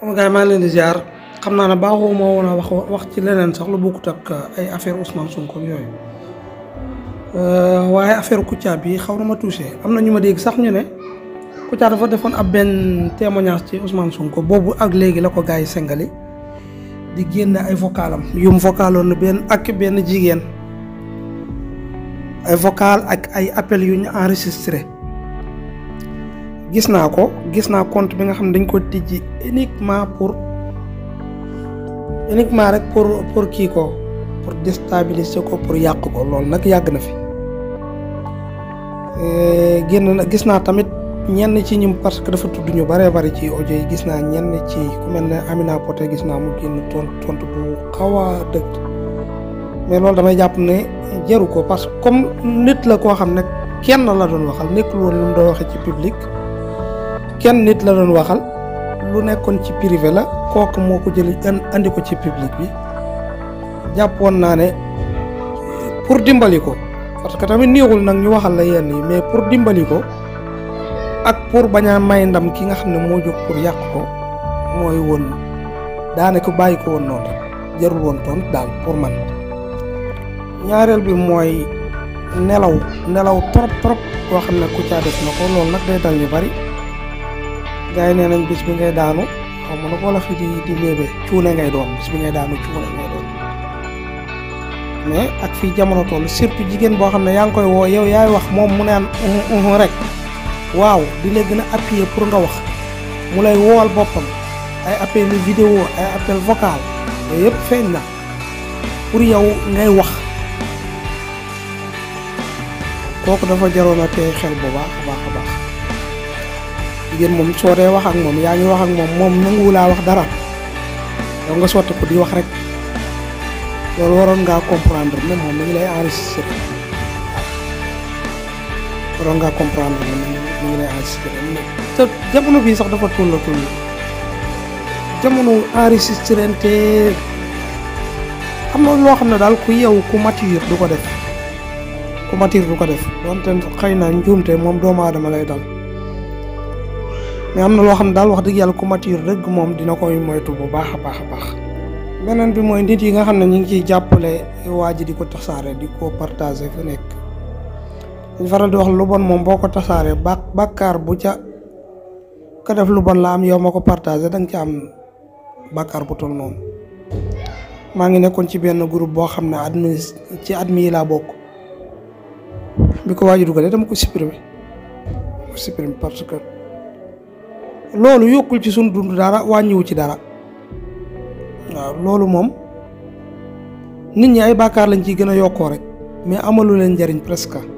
sama gars yi maa leen di ziar xam naa ne baaxoo moo woon a wax ci leneen sax lu bokkut ak uh, ay affaire Ousmane Sonko yooyu uh, waaye affaire Kouthia bi xaw na ma touché am na ñu ma dégg sax ñu ne Kouthia dafa defoon ab benn témoignage ci Ousmane Sonko boobu ak léegi la ko gars yi sengali di génn ay vocalam yum vocaloon benn ak benn jigéen ay vocal ak ay appel yu ñu enregistré. gis naa ko gis naa compte bi nga xam ne dañ ko tijji uniquement pour uniquement rek pour pour kii ko pour déstabiliser ko pour yàq ko loolu nag yàgg na fi euh, génn na gis naa tamit ñenn ci ñum parce que dafa tudd ñu bëree bëri ci audio yi gis naa ñenn ci ku mel ne Amina Poté gis naa mu génn tont tontu bu xaw a dëgg mais loolu damay jàpp ne jaru ko parce que comme nit la koo xam ne kenn la doon waxal nekkul woon lu mu doon waxee ci public. kenn nit la doon waxal lu nekkoon ci privé la kooku moo ko jëli indi ko ci public bi jàppoon naa ne pour dimbali ko parce que tamit néewul nag ñu waxal la yenn yi mais pour dimbali ko ak pour bañaa may ndam ki nga xam ne moo jóg pour yàq ko mooy woon daanaka bàyyi ko woon noonu jarul woon tontu daal pour man ñaareel bi mooy nelaw nelaw trop trop koo xam ne ku caa def na ko loolu nag day dal ñu bari. gars yi nee nañ bis bi ngay daanu xaw ma na ko la fi di di léebee cuune ngay doon bis bi ngay daanu cuune ngay doon mais ak fii jamono toll surtout jigéen boo xam ne yaa ngi koy woo yow yaay wax moom mu naan rek waaw di la gën a appuyer pour nga wax mu lay woowal boppam ay appel vidéo ay appel vocal yooyu yëpp feeñ na pour yow ngay wax kooku dafa jaroon a tey xel bu baax a baax jigéen moom soo dee wax ak moom yaa ngi wax ak moom moom nanguwu laa dara yow nga sotti ko di wax rek loolu waroon ngaa comprendre ne moom mi lay enregistré waaw ngaa comprendre ne mi ngi jamono bii sax dafa tull tull jamono enregistré te am na loo xam ne daal ku yeewu ku mature du ko def ku mature du ko def donte xëy na njuumte moom doomu aadama lay dal. mais am na loo xam ne daal wax dëgg yàlla ku mature rek moom dina koy moytu bu baax a baax a baax beneen bi mooy nit yi nga xam ne ñu ngi ciy jàppale waa ji di ko tasaare di ko partager fu nekk dañ faral di wax lu bon moom boo ko tasaaree ba bàkkaar bu ca ka bon la yow ma ko partager da ca am bàkkaar noonu maa ngi nekkoon ci benn groupe boo xam ne admin ci admin yi laa bokk bi ko waa ji dugalee dama ko supprimer ko supprimer parce que loolu yokkul ci suñ dund dara wàññiwu ci dara waaw loolu moom nit ñi ay bàkkaar lañ ciy gën a yokkoo rek mais amalu leen njariñ presque